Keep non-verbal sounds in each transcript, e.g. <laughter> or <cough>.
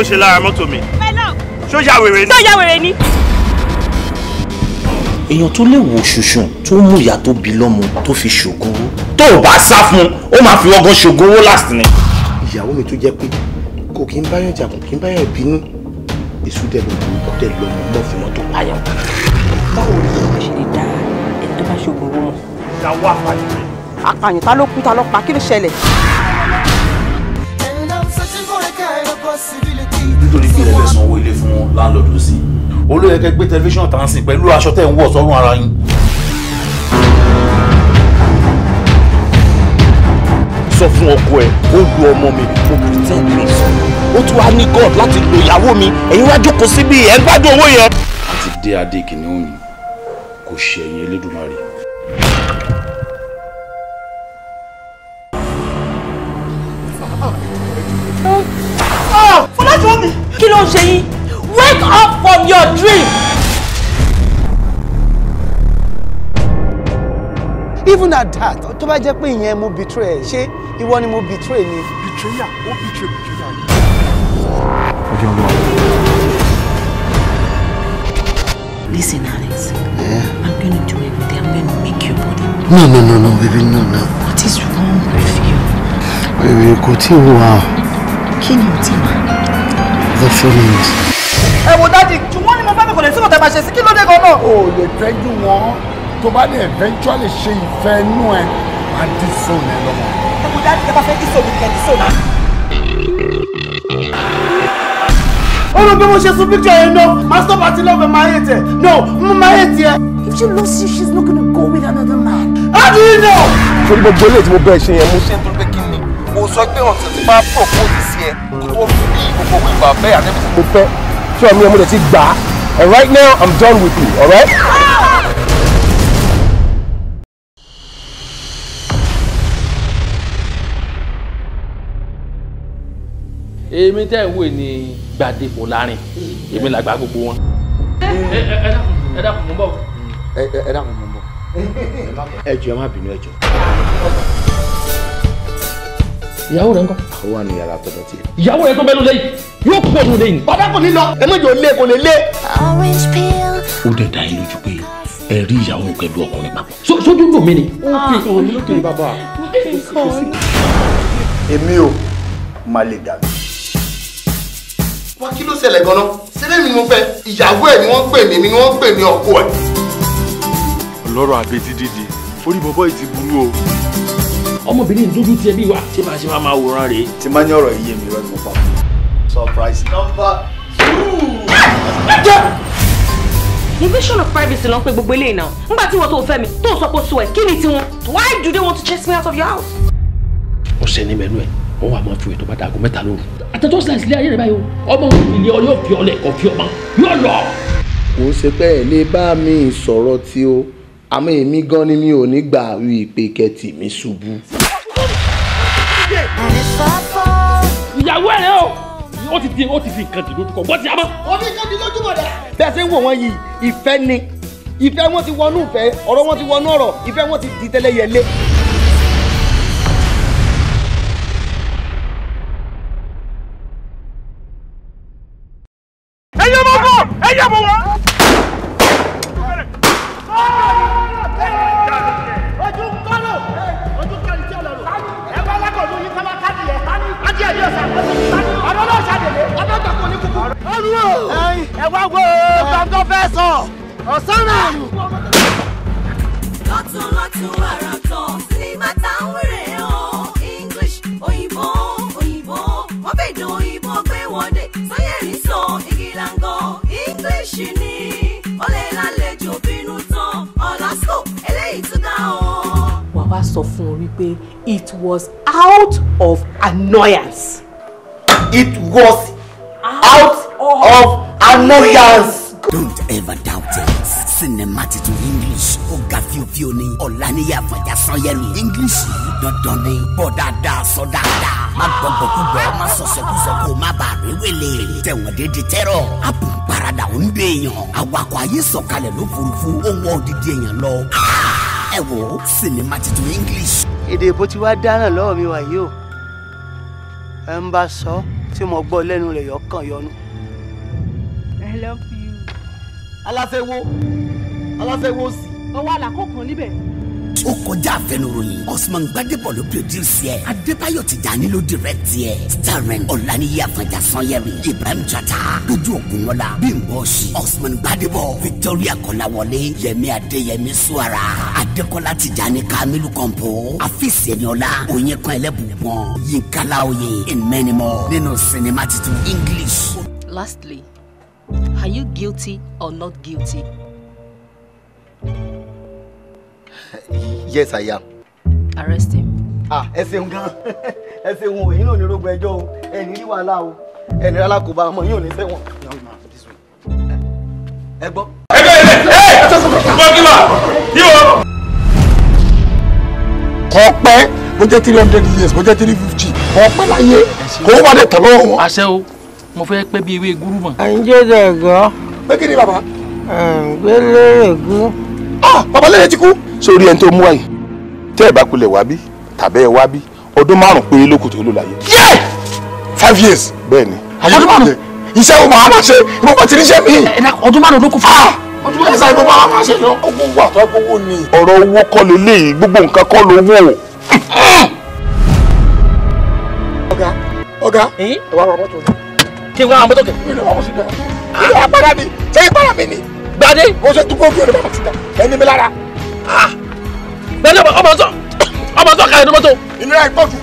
ló ṣe lára mọ́tò mi. ṣó ya wèrè ni. ṣó ya wèrè ni. èèyàn tó lè wò ṣùṣùn tó mú ìyá tó bí lọ́mọ tó fi ṣògowó tó o bá sá fún un ó máa fi ọgbọ́n ṣògowó last ni. ìyàwó mi tó jẹ́ pé kò kí n báyọ̀ jà kò kí n báyọ̀ bínú èṣù dẹ̀ ló ń bọ́ dẹ̀ lọ́mọ mọ́ fún wọn tó báwo ni ìyàwó ṣe lè dá ẹni tó bá ṣògowó mọ̀. ìyàwó àpàyàn. àpàyàn ta ló kú ta ló pa kí ló ṣẹlẹ̀. civil nítorí kí ẹ fẹ́ sanwó ilé fún láńlọ́ọ̀dù sí olóyè kẹ gbé tẹlifíṣàn tàn sí pẹ̀lú aṣọ tẹ̀ ń wọ̀ sọ́run ara yín. sọ fún ọkọ ẹ ó lu ọmọ mi mo pretend mi ó tún wá ní god láti lo ìyàwó mi ẹ̀yin wá jókòó síbi ẹ̀ ń gbádùn owó yẹn. àti dé adé kìnìún yìí kò ṣẹ̀yìn Elédùmarè. kí ló ń ṣe yín wake up from your dream. even at that tó bá jẹ́ pé ìyẹn mo betray ẹ̀ ṣé ìwọ ni mo betray ni. betrayer ó betray betrayer. ọjọ́ ọlọ́run. listen Alex. Yeah. I'm gonna do everything. I'm gonna make your body. no no no no baby no no. what is wrong with you. baby kò tí ì wá. kí ni o ti wá the feelings. ẹ wo dáàdi jù wọ́n ní mo fẹ́ mi kò lè sí òtẹ́ máa ṣe sí kí ló dé gan-an. o lè tẹ́jú wọn tó bá lè eventually ṣe ìfẹ́ inú ẹ máa dí sóun ẹ lọ́wọ́. ẹ wo dáàdi ẹ bá fẹ́ dí sóun kẹ́ dí sóun. ó ló gbé mo ṣe sun picture yẹn náà master party lọ́ọ̀fẹ́ máa yé tẹ̀ no mo máa yé tiẹ̀. if she loves you she's not gonna go with another man. how do you know. torí gbogbo ilé tí mo bẹ́ẹ̀ ṣe yẹn mo ṣe é torí pé kí ni mo sọ pé ọ̀sẹ̀ tí máa propose sí ẹ kó tó fi gbogbo owó ìgbà bẹ́ẹ̀ àtẹ́bí. mo fẹ́ tí ọmọ ọmọ rẹ ti gbà á and right now i'm done with you all right. èmi tẹ́ ń wò ní gbàdépò láàrin èmi làgbà gbogbo wọn. ẹ dákun mọ́ bọ̀. ẹ dákun mọ́ <laughs> bọ̀. ẹ jọ̀ọ́ ẹ má bínú ẹ jọ̀ọ́ ìyàwó rẹ ńkọ́. ó wà ní yàrá tọ̀dọ̀ tiẹ̀. ìyàwó rẹ tó bẹ́ẹ̀ ló lẹ́yìn yóò kú òun lẹ́yìn. bàbá kò ní lọ ẹmọjì ò lé kò lè lé. ó dẹ̀ dá yín lójú pé ẹ rí ìyàwó pẹ̀lú ọkùnrin papọ̀. sójú dùn mí ni. Ah. èmi ò má lè dà mí. kí ló ṣẹlẹ̀ gan-an sílẹ̀ mi mo fẹ́ ìyàwó ẹ̀ ni wọ́n pè mí ni wọ́n pè mí ọkọ ẹ̀. ọlọ́rọ̀ àbètí ọmọbìnrin dúdú tiẹ̀ bí wa tí màá ṣe máa máa wòran rèé. tí máa ní ọ̀rọ̀ iye mi rẹ mo pa. surprise number two. invasion of privacy ló ń pe gbogbo eléyìí náà nígbà tí wọn tó fẹ́ mi tó sọ pé ó sọ kí ni tiwọn why do they want to chase me out of your house. ó ṣe ní mẹ́nu ẹ̀ wọ́n wà máa fi ètò bàtà aago mẹ́ta lóru. àtẹ̀tọ́ sílẹ̀ sílẹ̀ ayé rẹ̀ báyìí o ọmọ ìlẹ̀ ọ yóò fi ọlẹ̀ kọ̀ fi ọmọ yóò lọ. kò ṣe pé ẹ lè bá mi sọ̀rọ̀ tí o àmọ́ èmi gan ni mi ò ní gbà wí kẹ́tì mi ṣubú. ó ti di ó ti di nǹkan dìlójúkọ wọ́n ti yá mọ́. omi nǹkan dìlójúmọ̀ dẹ̀. bẹ́ẹ̀ ṣe ń wò wọ́n yìí ìfẹ́ ni ìfẹ́ wọn ti wọnú ìfẹ́ ọ̀rọ̀ wọn ti wọnú ọ̀rọ̀ ìfẹ́ wọn ti di tẹ́lẹ̀yẹlé. ẹyẹ mọ bọ ẹyẹ mọ wọ. ọ̀sánà. lọ́tún lọ́tún àrà kan sinimá tá ń wèrè hàn english òyìnbó òyìnbó wọ́n òyìnbó gbé wọ́dẹ̀ sọ́yẹ̀rì sọ ìgìlàngọ english ni ó lè lálejò bínú tán ọ̀làsó eléyìí tún dá o. wàá sọ fún un wípé it was out of annoyance. it was out, out of, of annoyance. Don't ever doubt it sinimá titun english ó ga fíofío ni ọ̀làníyà àfọ̀jà sanyẹ́lu english yìí dandan ni bọ́ dáadáa sọ dáadáa má gbọ́gbọ́ kúgbọ́ má sọ̀sọ̀kúsọ kó má bàa rí wele tẹ̀wọ̀n dédé tẹ́rọ̀ àpò parada ò ń dé èèyàn awakọ̀ ayé sọ̀kalẹ̀ ló forúfú ó wọ́n odidi èèyàn lọ ah! ẹ wò sinimá titun english. èdè ìbò ti wá dáná lọ́wọ́ mi wàyí o ẹ ń bá sọ tí mo gbọ́ lẹ́nu rẹ̀ yọkàn yọnu. I love you aláfẹ́wó aláfẹ́wó sí. ọwọ́ àlàkọ̀ọ̀kan níbẹ̀. ó kọjá àfẹnuròyìn Osman Gbadebo ló produce ẹ Adébáyọ̀ Tijani ló direct ẹ starring Ọláníyì Àfọ̀njá Sanyẹ̀rì Ibrahim Chata Dojú Ògúnwọlá Bímbọ́ Ọ̀ṣì Osman Gbadebo Victoria Kọ́láwọlé Yẹmí Adéyẹmí Suara Adékọ́lá Tijani Kamilu Kọ̀ǹpó Àfíìsẹ́niọ́lá Oyekan Ẹlẹ́bùbọ̀n Yínká Láoyè and many nínú sinimá titun English. Lastly Are you guilty or not guilty? Yes, I am. Arrest him. Ah, ese ṣeun gan. <laughs> Ẹ ṣeun o, èyí náà ní orógun ẹjọ́ o. Ẹni rí wàhálà o. Ẹni rárá kò bá ọmọ yín ò ní sẹ́wọ̀n. Ẹ gbọ́. Ẹgbẹ́ ilé! Ẹ gbọ́ kí wà! Yíwọ! Kọ́ pẹ́, mo jẹ́ three hundred years, mo jẹ́ three fifty, kọ́ pẹ́ láyé, kò de dé tọ̀ lọ́wọ́ o mo fẹ́ pẹ́ bí ewé gúrú mọ̀. à ń jẹ́dọ̀ ẹ̀gọ́. pé kí ni bàbá. gbélé ègún. Ah, bàbá lẹ́yìn ti kú. sórí ẹni tó mú wáyé tẹ́ ẹ̀ bá kulẹ̀ wá bí tàbẹ́ ẹ wá bí ọdún márùn-ún péré ló kù lò láyé. yẹ́ẹ̀ five years. bẹ́ẹ̀ni. ọdún márùn-ún. iṣẹ́ wo màá máa ṣe ìmọ̀ pàtí níṣẹ́ mi. ọdún márùn-ún ló kù fún mi ah! ọdún mẹ́ta ìbọn bá wà ṣe lọ. owó ni. ọ̀rọ̀ owó kọ́ leléyìí gbogbo nǹkan kọ́ lówó. Ah! ọ̀gá ọ̀gá eh? ẹ wá ra mọ́tò náà kí n wá àwọn mọ́tò kẹ. mi ò lè wá mọ́tò kẹ. mi ni. gbadé. mo ṣe dúpọ̀ bí olùmọ̀ ti dà ẹni mi lára. gbadé ọmọ sọ ọmọ sọ káyọ̀ ní mọ́tò. ìnira ìpọ̀ jù.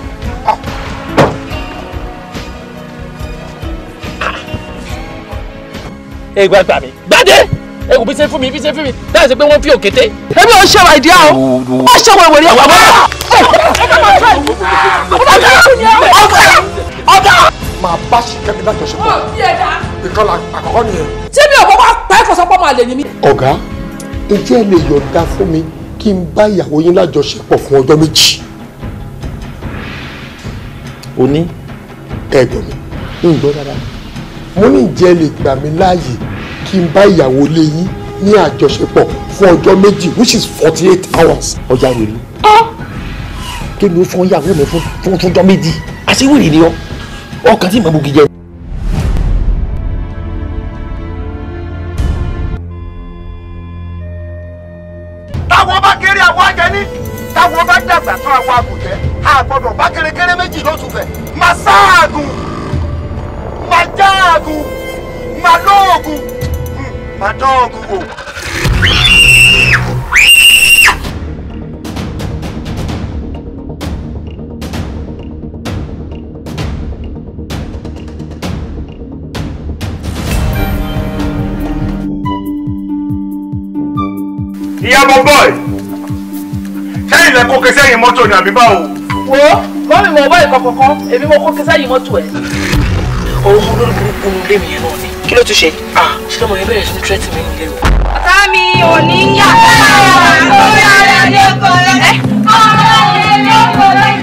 ẹ gbà gbà mí gbadé ẹ kò bí ṣe fún mi bí ṣe fún mi láti ṣe pé wọ́n fi òkété. èmi ò ṣe wàìdí àwọn wọ́n ṣe wọ̀wọ̀ ní ọ̀wọ̀. ọ̀gá ọ̀gá máa bá ṣìkẹ́mi lájọṣepọ̀. ó ti ẹ̀ dá. ìkọlà àkọ́kọ́ nìyẹn. tí mi ò bọ́ wá pẹ́ kó sọ pé ọmọ àlè ni mí. ọ̀gá ǹjẹ́ ẹ lè yọ̀ǹda fún mi kí n bá ìyàwó yín lájọṣepọ̀ fún ọjọ́ méjì. o ní. ẹ gbọ́ mi ń gbọ́ dára mo ní ǹjẹ́ ẹ lè gbà mí láàyè kí n bá ìyàwó lé yín ní àjọṣepọ̀ fún ọjọ́ méjì which is forty eight hours. ọjà wèrè. Ah! kémi ó fọ́n yàwó mi fún ọjọ́ méjì àṣewèrè ni ọ́ ọkàn tí màbùkì jẹ. táwọn bá kéré àwọn ajẹni táwọn bá dàgbà tán àwọn àgùntẹ a gbọ́dọ̀ bá kérékéré méjì lóṣù fẹ máa sáàgùn máa jáàgùn máa lóògùn máa dán ọgùn wò. ìyàbọ̀ boy sẹ́yìn lẹ kó kẹsẹ́ yìí mọ́tò ní àbí báwo. wo mọ́mí mo bọ́ ìkọ̀ kankan èmi mo kó kẹsẹ́ yìí mọ́tò ẹ̀. òun mú lórí burúkú nu lémi yẹn náà ni. kí ló ti ṣe. ṣé ọmọ yẹn bẹ̀rẹ̀ sí ní tírẹ́tì mi nílé o. ọ̀tá mi ò ní yà. ọ̀rọ̀ rẹ̀ ní kò lẹ́. ọ̀rọ̀ rẹ̀ ní kò lẹ́.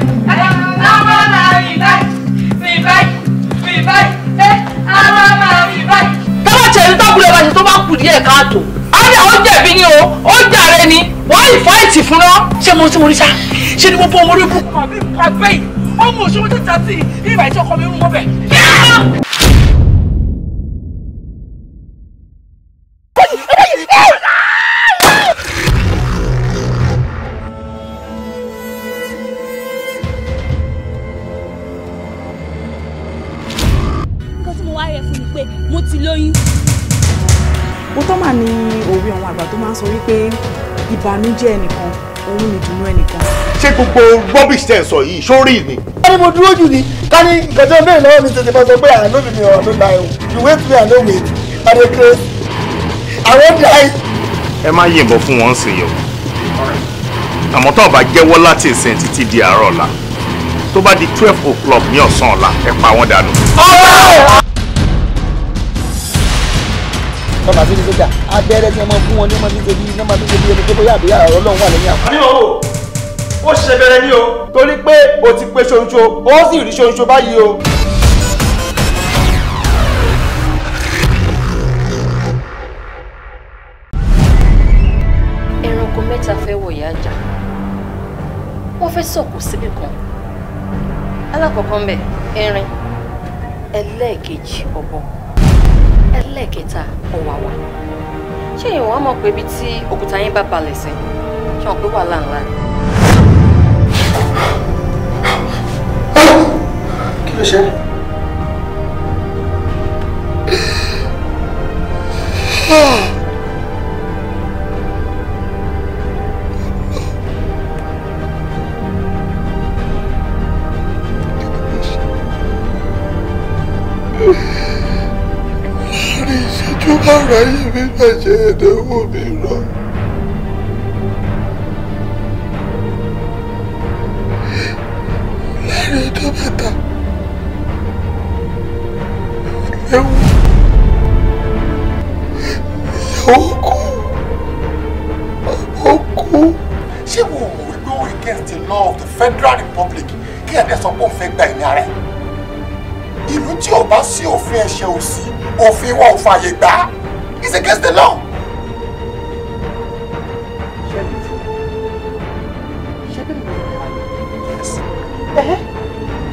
àwọn máa rí báyìí rí báyìí rí báyìí. àwọn máa rí báyìí. tọ́wọ́ tẹ̀lé tọ́kùnrin ọba ṣe tó bá kù díẹ̀ káàtó ó jẹ̀bi ni o ó jàre ni wọ́n yìí fáìtì fún ná. ṣé mo ti mo rí sá ṣé ni mo bọ́ ọmọ orí kú. àbí àgbẹ̀yìn ọmọ òṣèlú tètè àti ìrìnàjò ọkọ mi mú mọ́bẹ̀. òwe àwọn àgbà tó máa ń sọ wípé ìbànújẹ́ ẹnìkan òun ni dùnú ẹnìkan. ṣé gbogbo rubbish tẹ̀ sọ yìí sórí mi. wọ́n ní mo dúró jù ní ká ní nǹkan tó lọ́wọ́ mi tètè máa sọ pé àánú mi ò ló la ẹ̀wọ̀n you wait me and no wait and they craze àwọn ọ̀dà ẹ̀. ẹ má yìnbọn fún wọn sí yọ àmọ́ tó bá jẹ́wọ́ láti ìsìn títí di àárọ̀ ọ̀la tó bá di twelve o'clock ní ọ̀sán ọ̀la ẹ pa wọ́n dànù. ọ̀rọ̀ tọ́ba sí ní sójà abẹ́rẹ́ tí wọ́n máa fún wọn ní ọmọ tí ń ṣe bí ẹni pé bóyá àbíyá ọ̀rọ̀ ọlọ́run wà lẹ́yìn àwọn. àní o ó ṣe bẹ̀rẹ̀ ní o torí pé o ti pé ṣoṣo o sì rí ṣoṣo báyìí o. ẹranko mẹ́ta fẹ́ wọ̀ àjà wọ́n fẹ́ sọ̀kò síbì kan alákọ̀ọ́kọ́ ń bẹ erin ẹlẹ́ẹ̀kejì ọ̀bọ ẹlẹ́ẹ̀kẹta ọ̀wàwà ṣé ìwọ̀n mọ̀ pé ibi tí òkúta yín bá balẹ̀ sí ṣé wọn pé wàhálà ńlá ni. kí ló ṣe. Oh. <sighs> ráyè mi ṣàṣe ẹ̀dẹ́wò mi rọ. láàrin ọjọ́ mẹ́ta lẹ́wọ̀n ìyàwó kú ọmọ kú. ṣé wo ò rí pé against the law of the Federal Republic kí ẹ̀dẹ́ sọ pé òun fẹ́ gba ẹ̀mí ara ẹ̀? ìlú tí ò bá sí òfin ẹ̀ṣẹ̀ òsì òfin wa ò fààyè gbà á. It's against the law.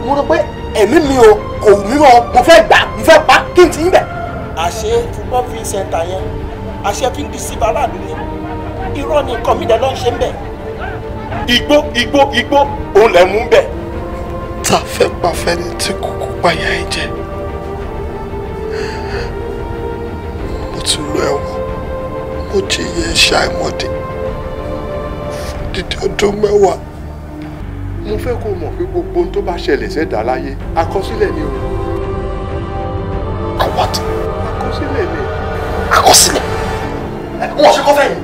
mo rò pé ẹ̀mí mi o kò wù mí mọ́ mo fẹ́ gbà mo fẹ́ pa kí n ti ń bẹ̀. àṣé football fi ń ṣẹ̀ǹtà yẹn àṣé fi ń di sí aráàlú ni irọ́ ni nǹkan ló ń ṣe ń bẹ̀. igbó igbó igbó òun lẹ̀ mú ń bẹ̀. ta fẹ́ pa fẹ́ni tí kò kópa yà ẹ tìlú ẹ̀wọ̀n ó ti yẹ ṣàìmọ̀dé dídí ọdún mẹ́wàá. mo fẹ́ kó mọ̀ pé gbogbo ohun tó bá ṣẹlẹ̀ ṣẹ̀dá láyé àkọsílẹ̀ ni o. àwọ̀tí. àkọsílẹ̀ ni. àkọsílẹ̀ wọn ṣe kọ́ fẹ́ yìí.